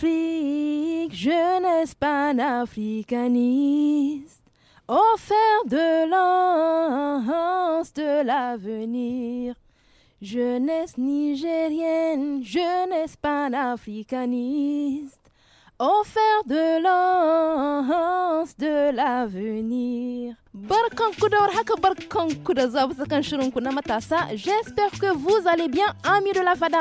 Jeunesse jeunesse panafricaniste, offert de lance de l'avenir. Jeunesse nigérienne, jeunesse panafricaniste, offert de lance de l'avenir. J'espère que vous allez bien, amis de la fada.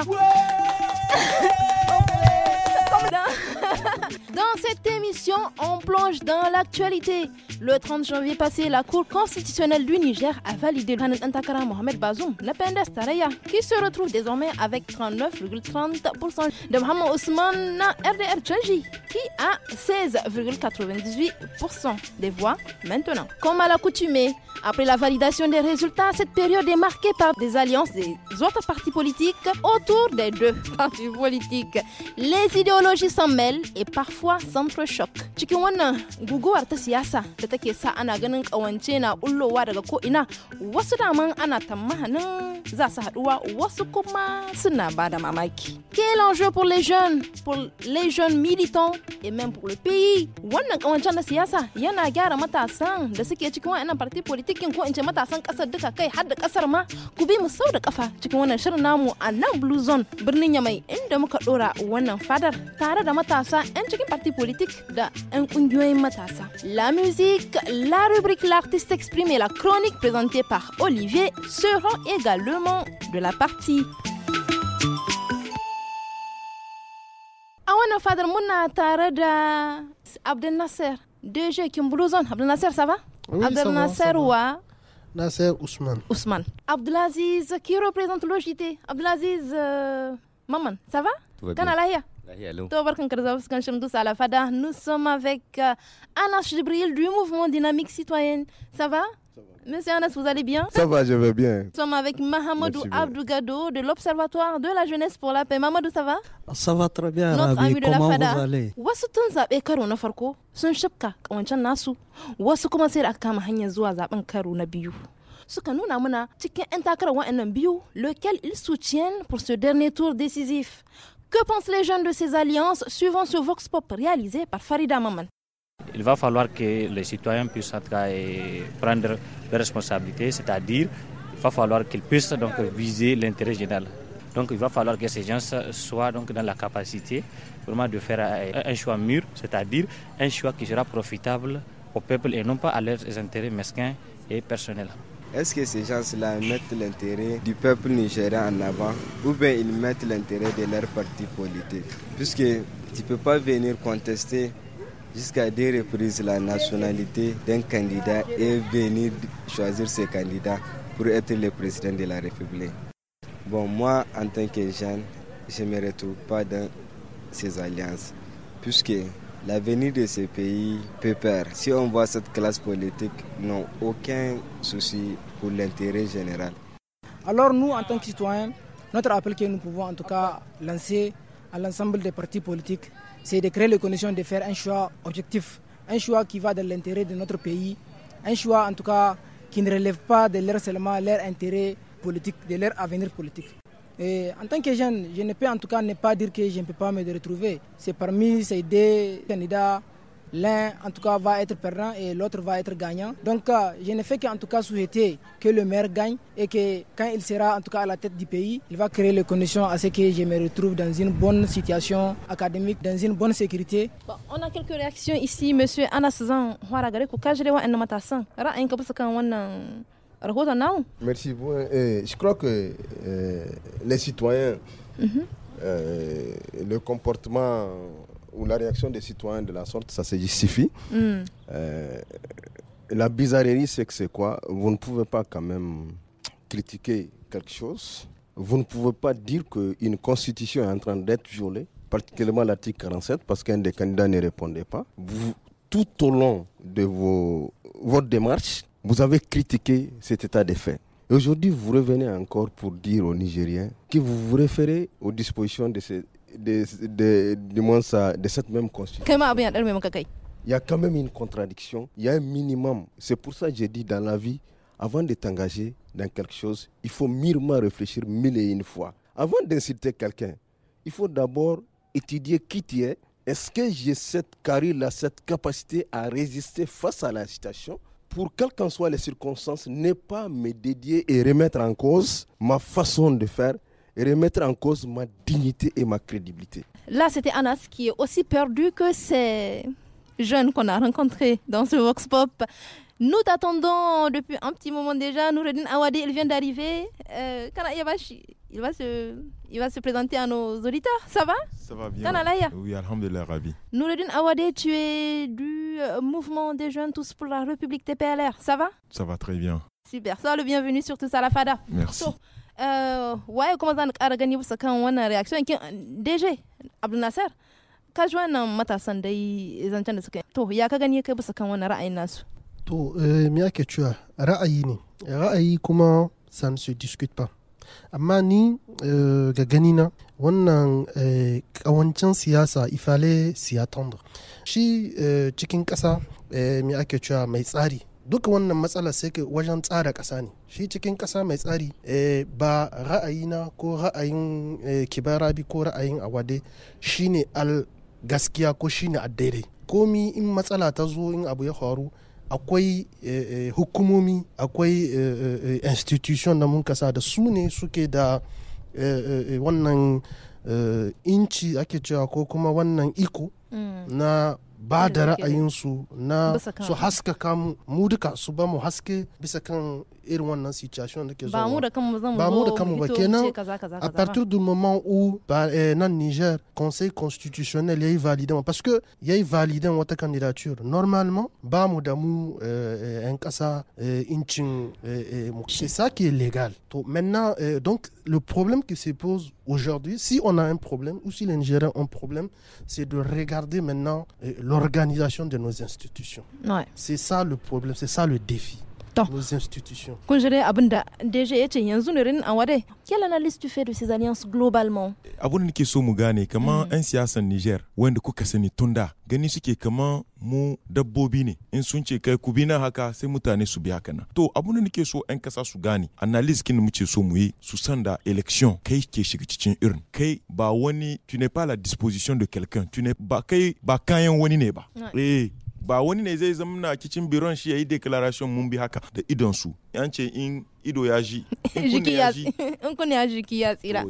Dans cette émission, on plonge dans l'actualité. Le 30 janvier passé, la Cour constitutionnelle du Niger a validé Hanet Antakara Mohamed Bazoum, Napenda Stareya, qui se retrouve désormais avec 39,30% de Mohamed Ousmane RDR Tchangi, qui a 16,98% des voix maintenant. Comme à l'accoutumée, après la validation des résultats, cette période est marquée par des alliances des autres partis politiques autour des deux partis politiques. Les idéologies s'en mêlent et parfois kuwa central shock cikin wannan guguwar ta siyasa da take sa ana ganin kawance na bullowa daga ko'ina wasu daman ana tamahanin za su haduwa wasu kuma suna ba da mamaki quel enjeu pour les jeunes pour les jeunes militants et même pour le pays wannan kawancen na siyasa yana gyara matasan da suke cikin wa'annan parti politikin ko in ce matasan kasar duka kai har da kasar ma ku bi mu sau da kafa cikin wannan shirin namu a nan blue zone birnin yamai inda muka dora wannan fadar tare da matasa 'yan cikin politique, La musique, la rubrique L'artiste exprime et la chronique présentée par Olivier seront également de la partie. Awana Fadr Mouna Tarada Abdel Nasser, DG Kimbruzon. Abdel Nasser, ça va? Oui, Abdel Nasser, va, Nasser Ousmane. Ousmane. Abdelaziz, qui représente l'OJT. Abdelaziz, euh, maman, ça va? Tout nous sommes avec euh, Anas Jibril du mouvement Dynamique Citoyenne. Ça va Monsieur Anas, vous allez bien Ça va, je vais bien. Nous sommes avec Mahamadou Abdougado de l'Observatoire de la jeunesse pour la paix. Mahamadou, ça va ah, Ça va très bien, Notre ami de Comment la Fada. vous allez Wasu tun zaɓe karo na farko sun shafka wancan nasu, wasu kuma sai da aka kama hanyar zuwa zaɓen karo na biyu. suka nuna c'est cikin 'yan wa'annan biyu lequel ils soutiennent pour ce dernier tour décisif que pensent les jeunes de ces alliances suivant ce Vox Pop réalisé par Farida Maman Il va falloir que les citoyens puissent euh, prendre leurs responsabilités, c'est-à-dire va falloir qu'ils puissent donc, viser l'intérêt général. Donc il va falloir que ces gens soient donc, dans la capacité vraiment de faire euh, un choix mûr, c'est-à-dire un choix qui sera profitable au peuple et non pas à leurs intérêts mesquins et personnels. Est-ce que ces gens-là mettent l'intérêt du peuple nigérien en avant ou bien ils mettent l'intérêt de leur parti politique Puisque tu ne peux pas venir contester jusqu'à des reprises la nationalité d'un candidat et venir choisir ce candidat pour être le président de la République. Bon, moi, en tant que jeune, je ne me retrouve pas dans ces alliances, puisque L'avenir de ces pays peut perdre. Si on voit cette classe politique, n'ont aucun souci pour l'intérêt général. Alors nous, en tant que citoyens, notre appel que nous pouvons en tout cas lancer à l'ensemble des partis politiques, c'est de créer les conditions de faire un choix objectif, un choix qui va dans l'intérêt de notre pays, un choix en tout cas qui ne relève pas de leur seulement leur intérêt politique, de leur avenir politique en tant que jeune, je ne peux en tout cas ne pas dire que je ne peux pas me retrouver. C'est parmi ces deux candidats, l'un en tout cas va être perdant et l'autre va être gagnant. Donc euh, je ne fais qu'en tout cas souhaiter que le maire gagne et que quand il sera en tout cas à la tête du pays, il va créer les conditions à ce que je me retrouve dans une bonne situation académique, dans une bonne sécurité. on a quelques réactions ici, monsieur Anasazan Hwaragare Merci. je crois que euh, les citoyens, mhm. euh, le comportement ou la réaction des citoyens de la sorte, ça se justifie. Mm. Euh, la bizarrerie, c'est que c'est quoi Vous ne pouvez pas quand même critiquer quelque chose. Vous ne pouvez pas dire que qu'une constitution est en train d'être violée, particulièrement l'article 47, parce qu'un des candidats ne répondait pas. tout au long de vos, votre démarche, vous avez critiqué cet état des faits Et aujourd'hui, vous revenez encore pour dire aux Nigériens que vous vous référez aux dispositions de, de, cette même constitution. Il y a quand même une contradiction, il y a un minimum. C'est pour ça que j'ai dit dans la vie, avant de t'engager dans quelque chose, il faut mûrement réfléchir mille et une fois. Avant d'inciter quelqu'un, il faut d'abord étudier qui tu es. Est-ce que j'ai cette carrière-là, cette capacité à résister face à l'incitation pour quelles qu'en soient les circonstances, n'est pas me dédier et remettre en cause ma façon de faire et remettre en cause ma dignité et ma crédibilité. Là, c'était Anas qui est aussi perdu que ces jeunes qu'on a rencontrés dans ce Vox Pop. Nous t'attendons depuis un petit moment déjà. Noureddin Awadé, il vient d'arriver. Euh, il va, se, il présenter à nos auditeurs. Ça va Ça va bien. Oui, Noureddin Awadi, tu es du euh, mouvement des jeunes tous pour la République TPLR. Ça va Ça va très bien. Super. Sois le bienvenu sur tout ça, la FADA. Merci. Euh, ouais, comment ça a réaction Abdel Nasser, To, eh, me ake cewa ra'ayi ne, ra'ayi kuma san su discute ba. Amma ni eh, ga gani na wannan kawancin eh, siyasa ifale siyatanda. Shi cikin ƙasa me ake cewa mai tsari. duk wannan matsala sai ke wajen tsara ƙasa ne. Shi cikin ƙasa mai tsari ba ra'ayi na ko ra'ayin kibarabi ko ra'ayin awade shine al gaskiya ko shine addaidai. Komi in matsala ta zo in abu ya faru akwai eh, eh, hukumomi akwai eh, institution na mun kasa da su ne suke da wannan inci ake cewa ko kuma wannan iko mm. na ba da ra'ayinsu na su haskaka mu duka su ba mu haske bisa kan irin en situation de ke partir du moment où ba eh, nan Niger conseil constitutionnel est validé, parce que il valide wata candidature normalement en eh, eh, c'est ça qui est légal maintenant donc le problème qui se pose aujourd'hui si on a un problème ou si les Nigériens ont un problème c'est de regarder maintenant l'organisation de nos institutions ouais. c'est ça le problème c'est ça le défi aux institutions. Quelle analyse tu fais de ces alliances globalement Abun nake so mu gane kaman yan siyasan Niger wanda kuka sani tunda gani comment mu dabbobi ne in sun ce kai ku bina haka eh, sai mutane su bi haka To abun da nake so yan kasa su gane analyse kin ce so mu yi su san da election kai ke shiga cikin irin kai ba wani tu n'es pas la disposition de quelqu'un tu n'es ba kai ba kayan wani ne ba. Eh ba wani ne zai zamna kicin biron shi ya yi declaration mun bi haka da idonsu su an ce in ido ya ji in kunne ya jiki ya tsira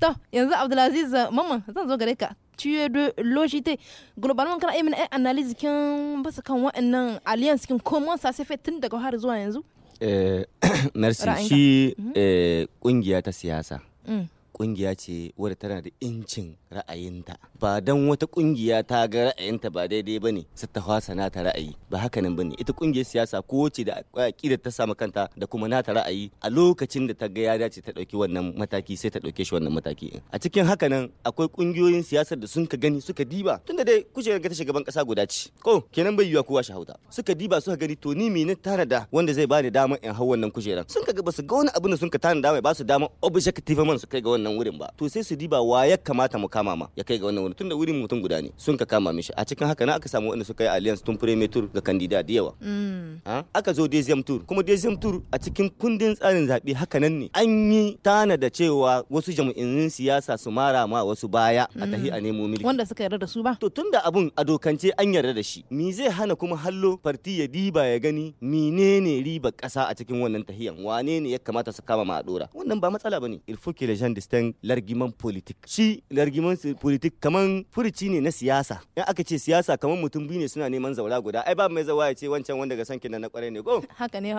to yanzu abdulaziz eh, mama zan zo gare ka ciye de logité globalement kana yi mana eh, analyse kin basu kan wa'annan alliance kin comment ça s'est fait tun daga har zuwa yanzu eh merci shi mhm. eh, kungiya ta siyasa mm. kungiya ce wadda tana da incin ra'ayinta ba dan wata kungiya ta ga ra'ayinta ba daidai ba ne su ta nata ra'ayi ba haka nan ba ne ita kungiyar siyasa ko ce da da ta samu kanta da kuma nata ra'ayi a lokacin da ta ga ya dace ta ɗauki wannan mataki sai ta ɗauke shi wannan mataki a cikin haka nan akwai kungiyoyin siyasar da sun ka gani suka diba tunda dai kujerar ta shugaban ƙasa guda ce ko kenan bai yiwa kowa shi hauta suka diba suka gani to ni mene tana da wanda zai bani dama in hau wannan kujerar sun ka ga basu ga wani abu da sun ka tana dama ba su dama objective man su kai ga wannan wurin ba to sai su diba wa ya kamata mu kama ma ya kai ga wannan wurin tunda wurin mutum guda ne sun ka kama mishi a cikin haka na aka samu wanda suka yi alliance tun premier tour ga kandida da yawa mm. ah, aka zo dezem tour kuma dezem tour a cikin kundin tsarin zaɓe haka nan ne an yi tana da cewa wasu jam'in siyasa su mara ma wasu baya a tahi a mm. nemo mulki wanda suka yarda da su ba to tunda abun a dokance an yarda da shi me zai hana kuma hallo farti ya diba ya gani menene riba ƙasa a cikin wannan tahiyan wane ne ya kamata su kama ma a dora wannan ba matsala bane il faut que les gens cikin largiman politik shi largiman politik kaman furuci ne na siyasa in aka ce siyasa kaman mutum biyu ne suna neman zaura guda ai ba mai zawa ya ce wancan wanda ga sankin na kwarai ne ko haka ne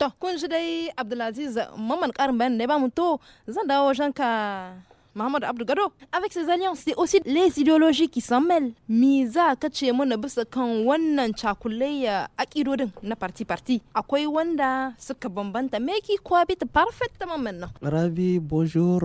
to kun shi dai abdulaziz mamman karin bayan ne ba mu to zan dawo shanka Mohamed Abdougado. Avec ses alliances, c'est aussi les idéologies qui s'en mêlent. Misa wannan na parti parti. wanda parfaitement maintenant. Ravi, euh, bonjour,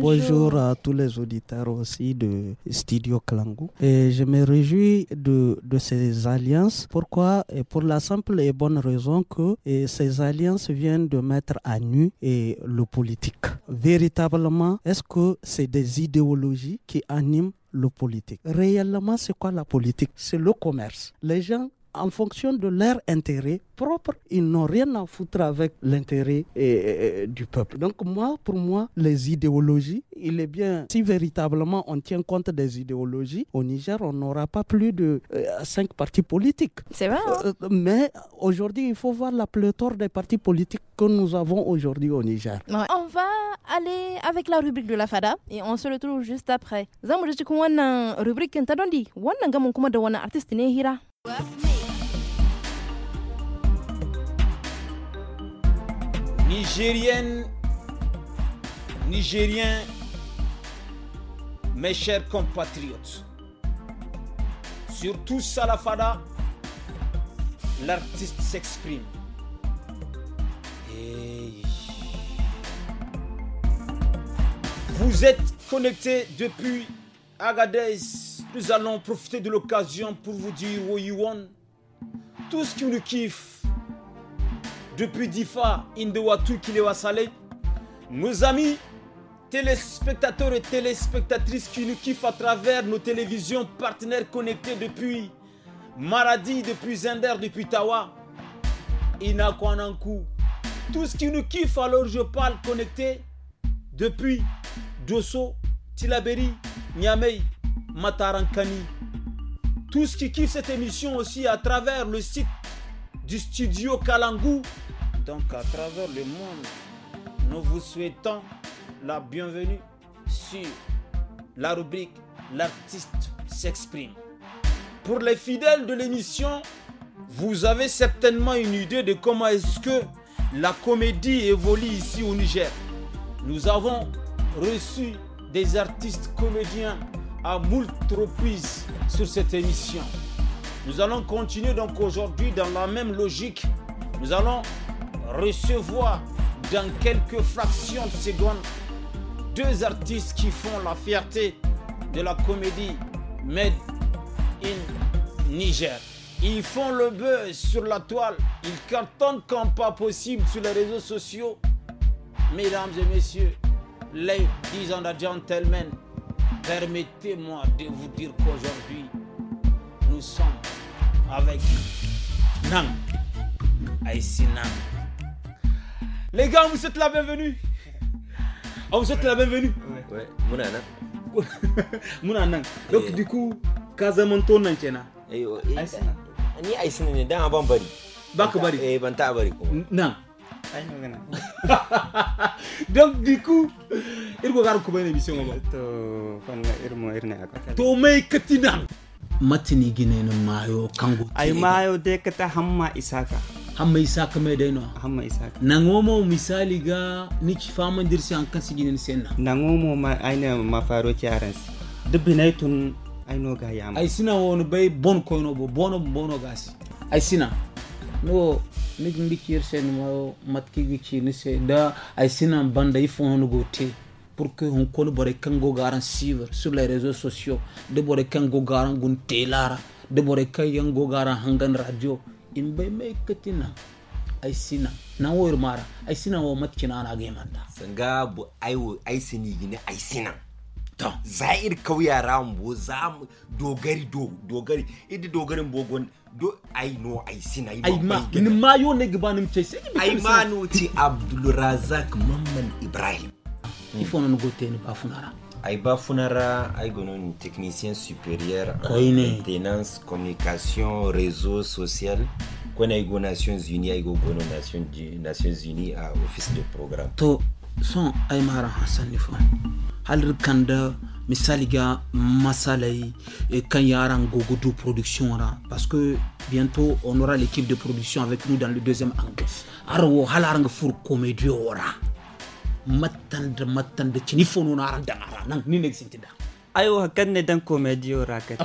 bonjour. à tous les auditeurs aussi de Studio Klangu. Et je me réjouis de, de ces alliances. Pourquoi et Pour la simple et bonne raison que ces alliances viennent de mettre à nu et le politique. Véritablement, est-ce que c'est des idéologies qui animent le politique. Réellement, c'est quoi la politique C'est le commerce. Les gens, en fonction de leur intérêt, propre, ils n'ont rien à foutre avec l'intérêt eh, eh, eh, du peuple. Donc moi, pour moi, les idéologies, il est bien, si véritablement on tient compte des idéologies, au Niger, on n'aura pas plus de euh, cinq partis politiques. C'est vrai. Hein? Euh, euh, mais aujourd'hui, il faut voir la pléthore des partis politiques que nous avons aujourd'hui au Niger. On va aller avec la rubrique de la FADA et on se retrouve juste après. rubrique Nigérienne, Nigérien, mes chers compatriotes, surtout Salafada, l'artiste s'exprime. Vous êtes connectés depuis Agadez. Nous allons profiter de l'occasion pour vous dire où you want. Tout ce qui nous kiffe, depuis Difa, Indewatu Kilewa Saleh. Nos amis téléspectateurs et téléspectatrices qui nous kiffent à travers nos télévisions partenaires connectés depuis Maradi, depuis Zender, depuis Tawa, tout Tous qui nous kiffent, alors je parle connecté depuis Dosso, Tilaberi, Niamey, Matarankani. Tous qui kiffent cette émission aussi à travers le site du studio Kalangou donc à travers le monde. Nous vous souhaitons la bienvenue sur la rubrique L'artiste s'exprime. Pour les fidèles de l'émission, vous avez certainement une idée de comment est-ce que la comédie évolue ici au Niger. Nous avons reçu des artistes comédiens à moult reprises sur cette émission. Nous allons continuer donc aujourd'hui dans la même logique. Nous allons recevoir dans quelques fractions de secondes deux artistes qui font la fierté de la comédie Made in Niger. Ils font le buzz sur la toile, ils cartonnent comme pas possible sur les réseaux sociaux. Mesdames et messieurs, ladies and gentlemen, permettez-moi de vous dire qu'aujourd'hui, nous sommes avec Nang, Aïssi Nang. Les gars, on vous souhaite la bienvenue. On ah, vous souhaite la bienvenue. Ouais, ouais. Donc du coup, êtes nan kenan. ni bari. bari. Eh, bari donc du coup il faire une to matini mayo kango mayo de hamma isaka hamma isa kame da ino hamma isa na ngomo misali ga ni ci faman dirsi an kan siginin senna na ngomo ma aina ma faro ci aran n'a tun aino ga yama ai sina wani bai bon koino bo bono bono gasi ai sina no ni gindi kiyar sen ma matki gi ci ni se da ai sina banda ifo hono go te pour que hon kon bore go garan siver sur les réseaux sociaux de bore go garan gun telara de bore kayan go garan hangan radio in bai mai katina ai sina na wayar mara ai sina wa matkina na ga sun sanga bu ai ai sini gine ai sina to zair kauya ram bo za mu dogari do dogari idi dogarin bogon do ai no ai sina ai ma ni ma yo ne gabanin ce sai ai ma no ci abdul razak mamman ibrahim ifo non gote ni ba funara Aïba Funara aïgonon une technicienne en maintenance, communication, réseau social. Qu'on a Nations Unies, Aïgo Gono Nations, Nations Unies à office de programme. To son Aïmara Hassan Nifo. Halr Kanda, uh, Misaliga, Masalai, et Kanyaran du Production. Parce que bientôt on aura l'équipe de production avec nous dans le deuxième angle. Arwo Halarang Four Comédie Ora. mattanda mattanda cini fonuna aranda ara nan ni negsintida ayo hakkanne dan komedio rakat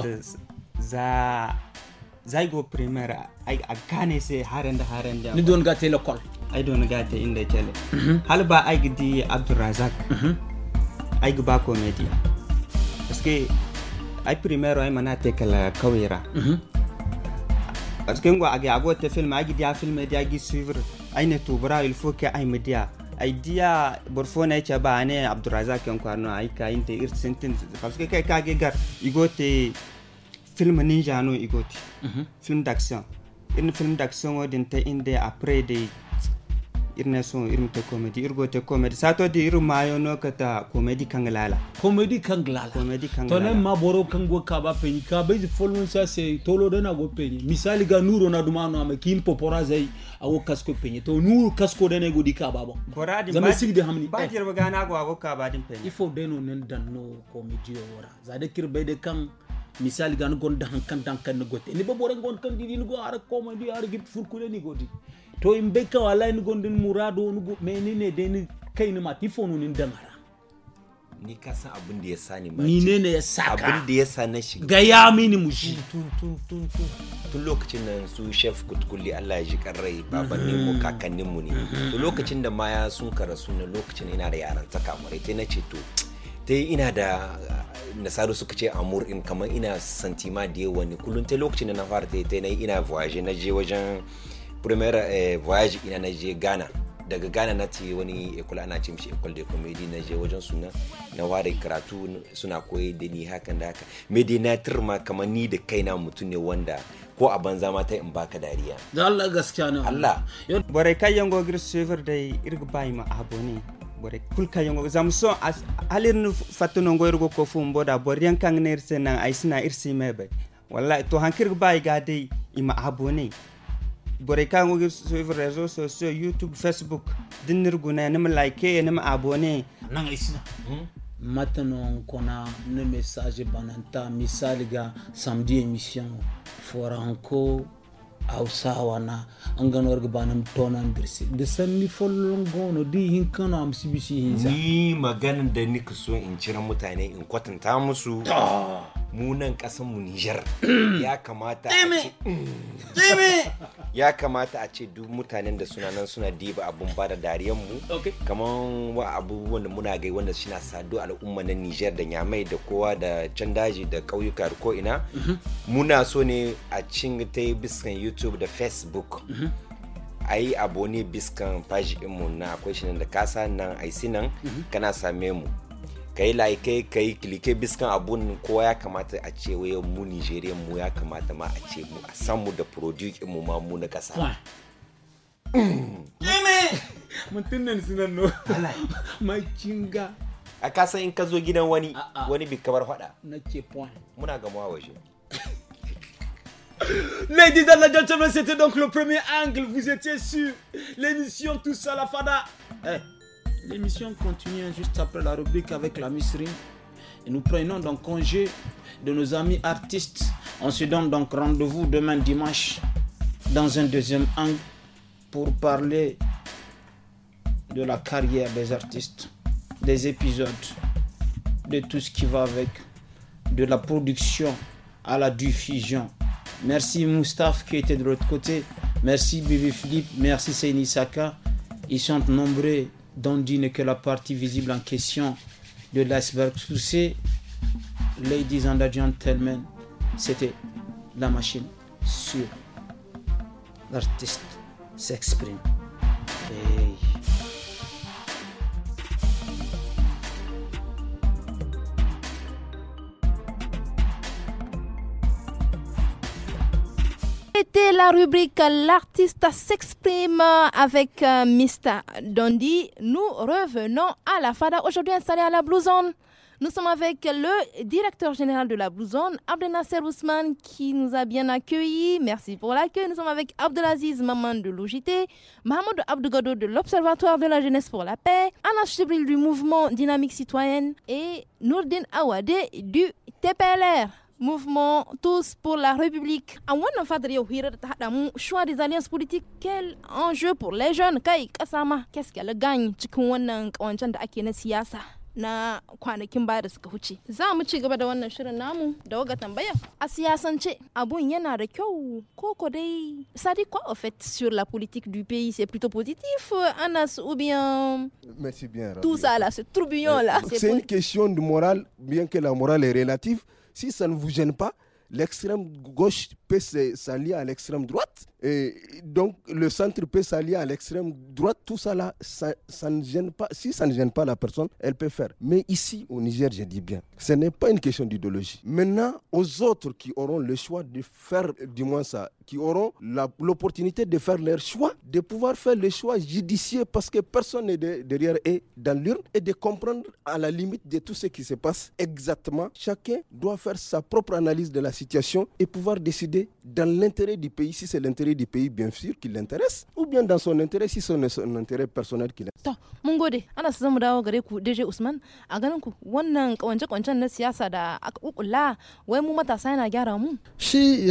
za zaigo primaire ay akane se harende harende ni don gate l'école ay don gate inde cele halba ay gidi abdourazak ay gba komedia parce que ay primaire ay manate kala kawira parce que ngo age agote film ay gidi a film dia gi suivre ay ne tubra il faut que ay media aidiya borfona yake ba ne abdurazak yankwano ai ka inte irsentin parce que kai kage gar igote film ninja no igote mhm. film d'action in film d'action wadin ta inde après de irna so irin te comedy irgo te comedy sato di irin mayo no kata comedy kang lala comedy kang lala comedy kang lala to ma boro kango ka ba peni ka be di folon sa se tolo dana go peni misali ga nuro na dumano ame kin popora zai ago kasko peni to nuro kasko dana go di ka ba bon koradi zame sig de hamni ba eh. dir ga na go ago ka ba din peni ifo deno nen dan no comedy wora za de kir be de kan misali ga no gon dan kan dan kan go te ni ba boro gon kan di ni go ara comedy ara gift fur ni go di to in be ka wala ni gondin murado ni go me ni ne dai ni kai ni mati fonu ni damara ni ka san abin da ya sa ni ni ne ne ya sa ka abin da ya sa na shiga ga ya mini mushi tun tun tun tun tun lokacin nan su chef kutkulli Allah ya ji karrai ni mu mhm. kakannin mu ne mhm. to lokacin da maya sun karasu na lokacin ina da yaran ta kamurai sai nace ce to ta ina da ah, nasaru suka ce amur in kamar ina santima da yawa ne kullum ta lokacin da na fara ta yi ina voyage na je wajen premier eh, voyage ina na je ghana daga ghana na ce wani ekola ana ce mishi ekul de komedi na je wajen suna na ware karatu suna koyi da ni hakan da haka me dai na turma kamar ni da kaina mutum ne wanda ko a banza ma ta in baka dariya da Allah gaskiya na Allah bare kai yango gir da dai irga bai ma ne bare kulka yango zam so alir nu fatuno ngoyro ko fu mboda boriyan kang nerse nan aisna irsi mebe wallahi to hankir bai ga dai ima ne bore kan wugi suivre réseaux sociaux youtube facebook dinir guna nim like nim abonné nan isina hmm? maintenant qu'on a message bananta misali ga samedi émission foranko hausawana an gano warga banam tonan dirse de sanni folon gono di hinkano am sibisi hinza ni maganin da nikso so in cira mutane in kwatanta musu ah! munan nan mu Nijar mm. ya kamata ya kamata a ce duk mutanen da suna nan suna diba abun ba da dariyan mu kaman wa abubuwan da muna gai wanda suna sadu al'umma na Nijar da Nyamai da kowa da can daji da ƙauyuka da ko ina mhm. muna so ne a cin ta biskan YouTube da Facebook mhm. a yi abu ne biskan fashi mu na akwai shi da kasa nan aisi nan mhm. kana same mu like abun ya kamata a ce nigerian ya kamata ma a ce mu a samu ma mu na kasa in gidan wani wani nake point Ladies and gentlemen, c'était donc le premier angle. Vous étiez sur l'émission tout ça la Fada. Eh. L'émission continue juste après la rubrique avec la miserie, Et nous prenons donc congé de nos amis artistes. On se donne donc rendez-vous demain dimanche dans un deuxième angle pour parler de la carrière des artistes, des épisodes, de tout ce qui va avec, de la production à la diffusion. Merci Moustaph qui était de l'autre côté. Merci Bibi Philippe. Merci Saka. Ils sont nombreux dont dit que la partie visible en question de l'iceberg souci. Ladies and gentlemen, c'était la machine sur l'artiste s'exprime. C'était la rubrique L'artiste s'exprime avec euh, Mr. Dondi. Nous revenons à la FADA, aujourd'hui installée à la Blousonne. Nous sommes avec le directeur général de la Blousonne, Nasser Ousmane, qui nous a bien accueillis. Merci pour l'accueil. Nous sommes avec Abdelaziz Maman de l'OJT, Mahmoud Abdougado de l'Observatoire de la Jeunesse pour la Paix, Anas Chibril du mouvement Dynamique Citoyenne et Nourdine Awade du TPLR mouvement Tous pour la République. A wannan fadar yau hirar ta haɗa mu choix des alliances politiques quel enjeu pour les jeunes kai ƙasa qu'est-ce qu'elle gagne cikin on ƙawancen da ake na siyasa. na kwanakin ba da suka huce. Za mu ci gaba da wannan shirin namu da waga tambaya. A siyasance abun yana da kyau koko dai sadi quoi en fait sur la politique du pays c'est plutôt positif Anas ou bien Merci bien. Tout ça là, ce tourbillon là. Euh, c'est une question de morale bien que la morale est relative. Si ça ne vous gêne pas, l'extrême gauche peut s'allier à l'extrême droite. Et donc, le centre peut s'allier à l'extrême droite. Tout ça là, ça, ne gêne pas. Si ça ne gêne pas la personne, elle peut faire. Mais ici, au Niger, je dis bien, ce n'est pas une question d'idéologie. Maintenant, aux autres qui auront le choix de faire, du moins ça, qui auront l'opportunité de faire leur choix, de pouvoir faire le choix judiciaire parce que personne n'est derrière et dans l'urne et de comprendre à la limite de tout ce qui se passe exactement. Chacun doit faire sa propre analyse de la situation et pouvoir décider dans l'intérêt du pays, si c'est l'intérêt du pays bien sûr qui l'intéresse, ou bien dans son intérêt, si c'est son intérêt personnel qui l'intéresse. Si,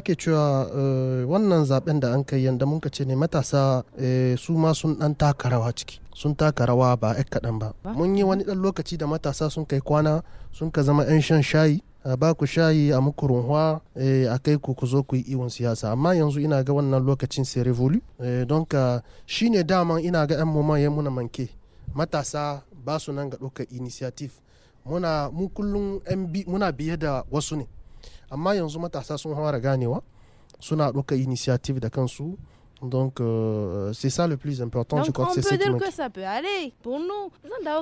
que tu as Eh, wannan zaben da an kai yanda mun ce ne matasa eh, su ma sun dan taka rawa ciki sun taka rawa ba ɗan kaɗan ba mun yi wani ɗan lokaci da matasa sun kai kwana sun ka zama 'yan shan shayi a ba ku shayi a muku runhuwa eh, a kai ku ku zo ku yi iwon siyasa amma yanzu ina ga wannan lokacin sai revolu don ka shi ne daman ina ga 'yan mu ya muna manke matasa ba su nan ga ɗaukar initiative muna mu kullum muna biye da wasu ne amma yanzu matasa sun hawa ganewa suna ɗauka initiative da kansu donc euh, c'est ça le plus important donc, je crois on que c'est peut dire que ça peut aller pour nous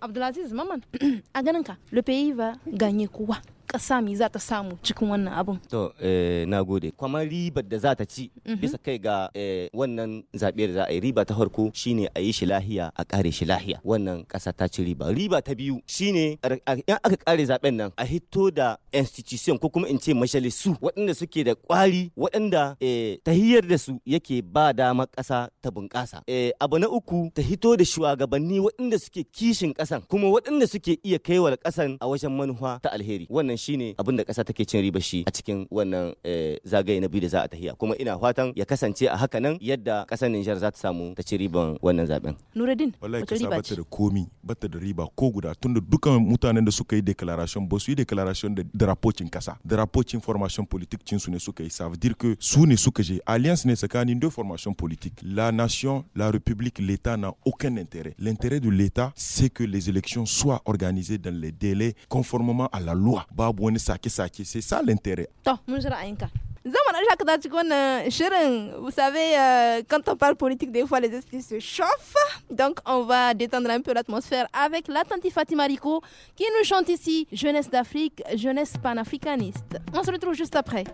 Abdelaziz Maman le pays va gagner quoi ƙasa mi za ta samu cikin wannan abun. To, eh, na gode. Kwamar ribar da za ta ci mhm. bisa kai ga eh, wannan zaɓe da za a yi riba ta farko shine a yi shi lahiya a ƙare shi lahiya. Wannan ƙasa ta ci riba. Riba ta biyu shine in aka ƙare zaɓen nan a hito da institution ko kuma in ce majalisu waɗanda suke da ƙwari waɗanda eh, tahiyar da su yake ba dama ƙasa ta bunƙasa. Abu na uku ta hito da shugabanni waɗanda suke kishin ƙasan kuma waɗanda suke iya kaiwa ƙasan a wajen manufa ta alheri. Wannan shine abin da kasa take cin riba shi a cikin wannan eh, zagaye na biyu da za a tahiya kuma ina fatan ya kasance a haka nan yadda ƙasar Nijar za ta samu ta ci riban wannan zaben. Nuruddin wallahi ƙasa bata da komi bata da riba ko guda tunda dukkan mutanen da suka yi declaration ba su yi declaration da darapocin ƙasa darapocin formation politique cin su ne suka yi ça veut dire que su ne suka je alliance ne tsakanin deux formations politiques la nation la république l'état n'a aucun intérêt l'intérêt de l'état c'est que les élections soient organisées dans les délais conformément à la loi. Bah, c'est ça l'intérêt. Euh, vous savez, euh, quand on parle politique, des fois les esprits se chauffent. Donc, on va détendre un peu l'atmosphère avec l'attentif Fatima Rico qui nous chante ici Jeunesse d'Afrique, jeunesse panafricaniste. On se retrouve juste après.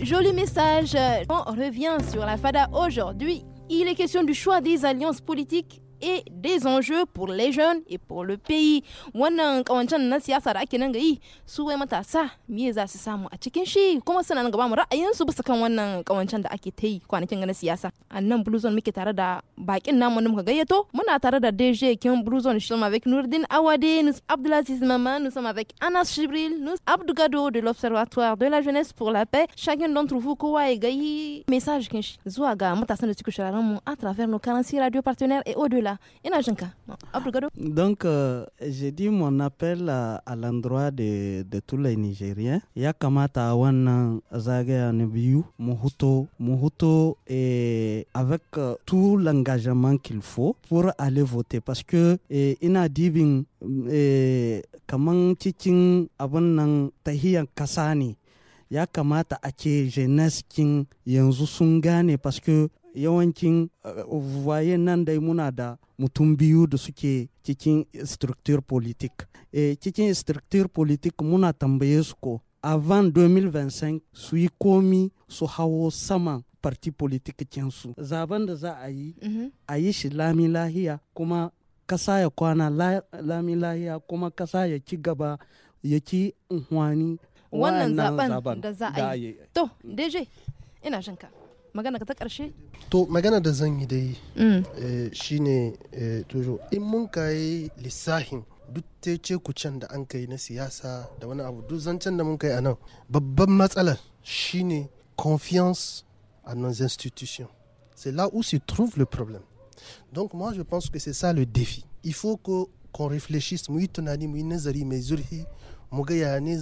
joli message. On revient sur la FADA aujourd'hui. Il est question du choix des alliances politiques et des enjeux pour les jeunes et pour le pays wannan kawancan na siyasa da ake nan ga yi su wai matasa me za su samu a cikin shi kuma suna nan gaba mu ra'ayinsu bisa kan wannan kawancan da ake ta yi kwanakin ga na siyasa a nan bluzon muke tare da bakin namu da muka gayyato muna tare da DJ Kim bluzon nous sommes avec Nourdin Awade nous Abdelaziz Mama, nous sommes avec Anas Chibril nous Abdou Gado de l'Observatoire de la jeunesse pour la paix chacun d'entre vous kowa ya gayi message kin shi zuwa ga matasan da suke shiraran mu a travers nos 46 radio partenaires et au-delà donc, euh, j'ai dit mon appel à, l'endroit de, de, tous les Nigériens. Yakamata Wana Zagaya Nebiu, Mohuto, Mohuto, et avec euh, tout l'engagement qu'il faut pour aller voter. Parce que, et, ina dibin, et, kaman cicin abun nan tahiyan Kasani, ya kamata a jeunesse kin yanzu sun gane que. yawancin eh, waye nan dai muna da mutum biyu da suke cikin structure politique eh, cikin structure politique muna tambaye su ko avant 2025 su yi komi su hawo saman parti politique kensu zaben da za a yi mhm. a yi shi lami lahiya kuma kasa ya kwana lami lahiya kuma kasa ya ci gaba ya ci unhwani wannan zaben da za a yi to mm. deje ina shinka magana ta karshe to magana da zan yi dai mm. eh, shine eh, tojo in mun kai lissahin duk tece kucen da an kai na siyasa da wani abu duk zancen da mun kai a nan babban matsalar shine confiance à nos institutions c'est là où se trouve le problème donc moi je pense que c'est ça le défi il faut que qu'on réfléchisse mu nazari ya ne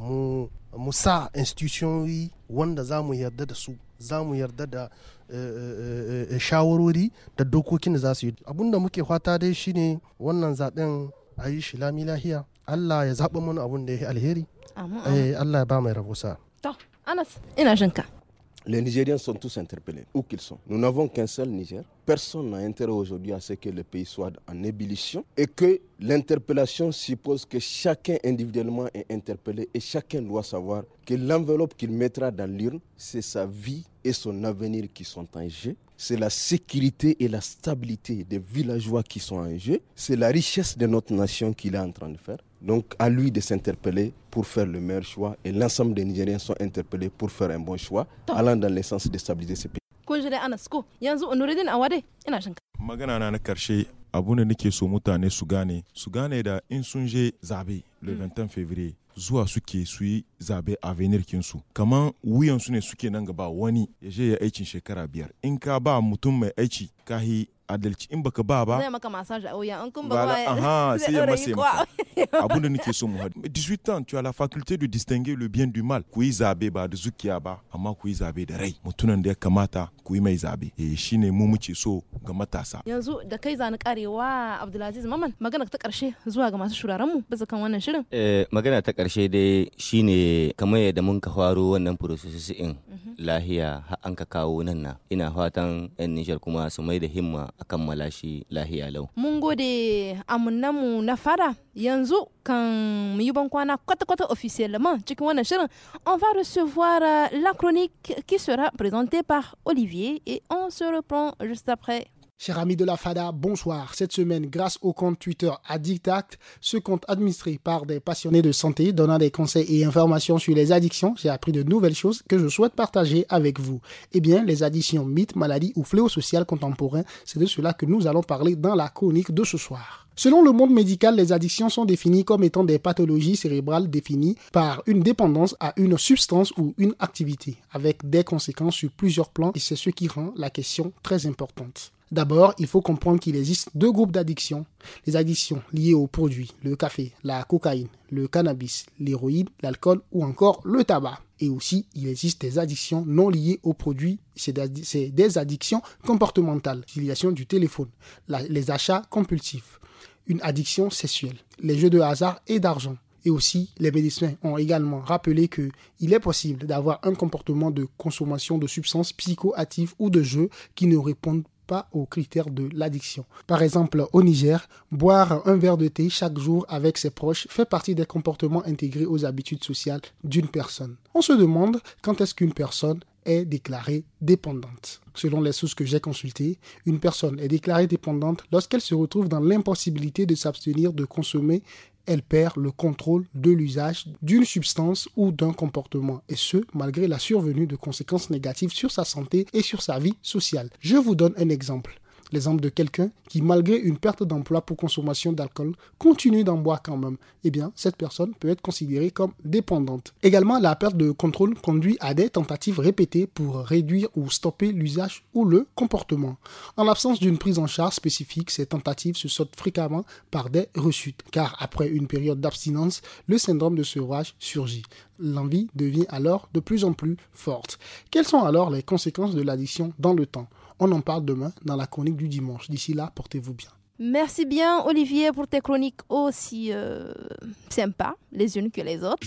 mu sa institutionoyi wanda za mu yarda da su za mu yarda da eh, eh, eh, shawarori da dokokin da za su yi da muke fata dai shine wannan zaben a yi shi lami lahiya allah ya zaɓa mana abun da ya yi alheri allah ya ba mai rabusa to anas ina shinka les Nigériens sont tous interpellés, où qu'ils sont. Nous n'avons qu'un seul Niger. Personne n'a intérêt aujourd'hui à ce que le pays soit en ébullition et que l'interpellation suppose que chacun individuellement est interpellé et chacun doit savoir que l'enveloppe qu'il mettra dans l'urne, c'est sa vie et son avenir qui sont en jeu c'est la sécurité et la stabilité des villageois qui sont en jeu, c'est la richesse de notre nation qu'il est en train de faire. Donc à lui de s'interpeller pour faire le meilleur choix et l'ensemble des Nigériens sont interpellés pour faire un bon choix allant dans le sens de stabiliser ce pays. le 21 mm. février zuwa suke su yi zabe a venirkinsu kaman wuyansu ne suke nan gaba wani ya je ya aikin shekara biyar in ka ba mutum mai aiki kahi adalci in baka ba ba zai maka massage a oh, wuya an kun ba ba eh, aha sai ya abun da nake so mu hadu 18 ans tu as la faculté de distinguer le bien du mal ku izabe ba da zukiya ba amma ku yi da rai mutunan da ya kamata ku yi mai zabe eh shine mu muke so ga matasa yanzu da kai zani karewa Abdulaziz Maman magana ta karshe zuwa ga masu shuraren mu bisa kan wannan shirin eh magana ta karshe dai shine kamar yadda mun ka faro wannan processes in mhm. lahiya har an ka kawo nan na ina fatan yan Niger kuma su mai da himma Mungo de shi lahiya lau. Mun gode amunanmu na fara yanzu kan yi ban kwana kwata-kwata officiellement cikin shirin. On va recevoir euh, la chronique qui sera présentée par Olivier et on se reprend juste après. Chers amis de la FADA, bonsoir. Cette semaine, grâce au compte Twitter Act, ce compte administré par des passionnés de santé donnant des conseils et informations sur les addictions, j'ai appris de nouvelles choses que je souhaite partager avec vous. Eh bien, les addictions, mythes, maladies ou fléaux sociaux contemporains, c'est de cela que nous allons parler dans la chronique de ce soir. Selon le monde médical, les addictions sont définies comme étant des pathologies cérébrales définies par une dépendance à une substance ou une activité, avec des conséquences sur plusieurs plans, et c'est ce qui rend la question très importante. D'abord, il faut comprendre qu'il existe deux groupes d'addictions. Les addictions liées aux produits, le café, la cocaïne, le cannabis, l'héroïne, l'alcool ou encore le tabac. Et aussi, il existe des addictions non liées aux produits. C'est des addictions comportementales, l'utilisation du téléphone, les achats compulsifs, une addiction sexuelle, les jeux de hasard et d'argent. Et aussi, les médecins ont également rappelé que il est possible d'avoir un comportement de consommation de substances psychoactives ou de jeux qui ne répondent pas pas aux critères de l'addiction. Par exemple, au Niger, boire un verre de thé chaque jour avec ses proches fait partie des comportements intégrés aux habitudes sociales d'une personne. On se demande quand est-ce qu'une personne est déclarée dépendante. Selon les sources que j'ai consultées, une personne est déclarée dépendante lorsqu'elle se retrouve dans l'impossibilité de s'abstenir de consommer elle perd le contrôle de l'usage d'une substance ou d'un comportement, et ce, malgré la survenue de conséquences négatives sur sa santé et sur sa vie sociale. Je vous donne un exemple. L'exemple de quelqu'un qui, malgré une perte d'emploi pour consommation d'alcool, continue d'en boire quand même, eh bien, cette personne peut être considérée comme dépendante. Également, la perte de contrôle conduit à des tentatives répétées pour réduire ou stopper l'usage ou le comportement. En l'absence d'une prise en charge spécifique, ces tentatives se sautent fréquemment par des rechutes, car après une période d'abstinence, le syndrome de sevrage surgit. L'envie devient alors de plus en plus forte. Quelles sont alors les conséquences de l'addiction dans le temps on en parle demain dans la chronique du dimanche. D'ici là, portez-vous bien. Merci bien Olivier pour tes chroniques aussi euh, sympas les unes que les autres.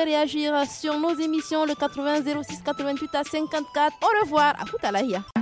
réagir sur nos émissions le 80 06 88 à 54. Au revoir, à tout à